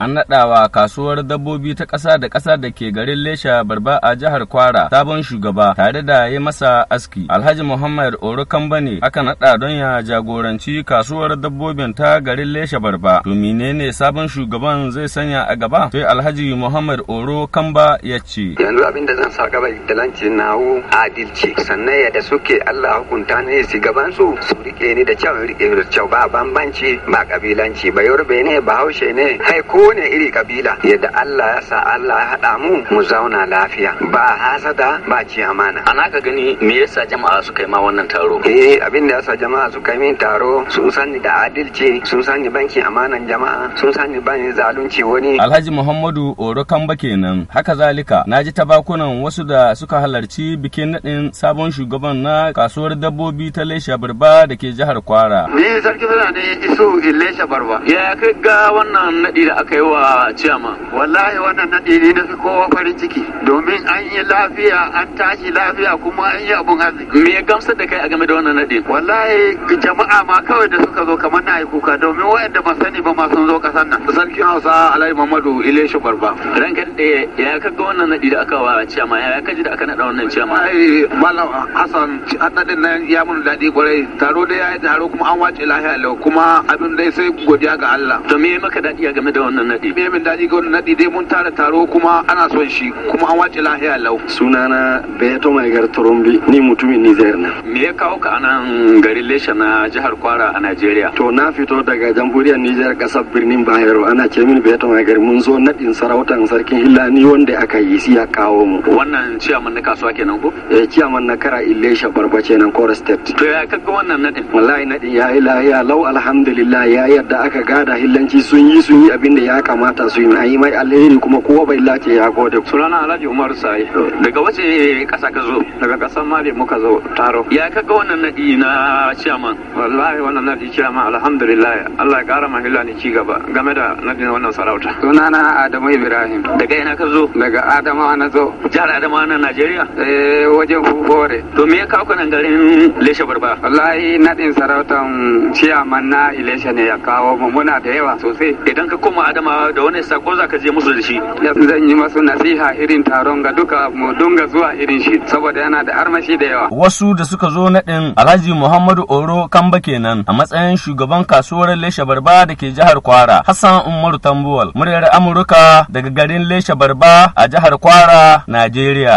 An naɗawa kasuwar dabbobi ta ƙasa da ƙasa da ke garin Lesha Barba a jihar Kwara sabon shugaba tare da ya masa aski. Alhaji Muhammad Oro Kambane aka naɗa don ya jagoranci kasuwar dabbobin ta garin Lesha Barba. To menene sabon shugaban zai sanya a gaba? Sai Alhaji Muhammad Oro Kamba ya ce. Yanzu abin da zan sa gaba dalanci nawo adilci sannan yadda suke Allah hukunta ne su gaban su su rike ni da kyau rike da kyau ba bambanci ba kabilanci ba yorube ne ba Haushe ne hai ko kowane iri kabila yadda Allah ya sa Allah ya haɗa mu mu zauna lafiya ba hasada ba ci amana ana ka gani me yasa jama'a suka yi ma wannan taro eh abin da yasa jama'a suka yi min taro sun sani da adalci sun sani banki amanan jama'a sun sani bani zalunci wani Alhaji Muhammadu Oro Kamba kenan haka zalika naji tabakunan wasu da suka halarci bikin nadin sabon shugaban na kasuwar dabbobi ta Lesha Barba dake jihar Kwara ni sarki ne iso Lesha Barba ya kai ga wannan nadi da aka yawa ciyama wallahi wannan naɗi ne na fi kowa farin ciki domin an yi lafiya an tashi lafiya kuma an yi abun arziki me ya gamsar da kai a game da wannan nade? wallahi jama'a ma kawai da suka zo kamar na yi kuka domin da ba sani ba ma sun zo kasar nan sarkin hausa alhaji muhammadu ileshu barba ranka da ya ga wannan nade da aka wa ciyama ya kaji da aka naɗa wannan ciyama ai malam hassan haɗaɗin nan ya mun daɗi kwarai taro da ya yi taro kuma an wace lahiya lau kuma abin dai sai godiya ga Allah to me maka daɗi a game da wannan nade? me min daɗi ga wannan nade dai mun tara taro kuma ana son shi kuma an wace lahiya ya lau. Sunana Beto Mai Gartorombi ni mutumin Nijar na Me ya kawo ka anan garin Lesha na jihar Kwara a Najeriya? To na fito daga jamhuriyar Nijar kasar birnin Bayero ana ce min Beto Mai Gari mun zo nadin sarautan sarkin Hillani wanda aka yi siya kawo mu. Wannan ciyaman na kasuwa kenan ko? Eh ciyaman na kara Ilesha Barbace nan Kwara State. To ya kaga wannan naɗin? Wallahi nadin ya yi ya lau alhamdulillah ya yadda aka gada hillanci sun yi sun yi abin da ya kamata su yi mai alheri kuma kowa bai lace ya gode. Sunana Alhaji Umar sa daga wace kasa ka zo daga kasan mali muka zo taro ya kaga wannan nadi na chairman wallahi wannan nadi chairman alhamdulillah Allah ya kara mahilla ni ci gaba game da nadin wannan sarauta sunana Adamu Ibrahim daga ina ka zo daga Adamu na zo jihar Adamu na Najeriya eh wajen Fufore to me ya kawo ka nan garin Lesha Barba wallahi nadin sarautan chairman na Ilesha ne ya kawo mu muna da yawa sosai idan ka koma Adamu da wani sako ka je musu da shi zan yi masu nasiha irin taron ga duka mu dunga zuwa irin shi saboda yana da armashi da yawa. Wasu da suka zo naɗin Alhaji Muhammadu Oro Kamba kenan a matsayin shugaban kasuwar Lesha Barba da ke jihar Kwara. Hassan Umaru Tambuwal, muryar Amurka daga garin Lesha Barba a jihar Kwara, Najeriya.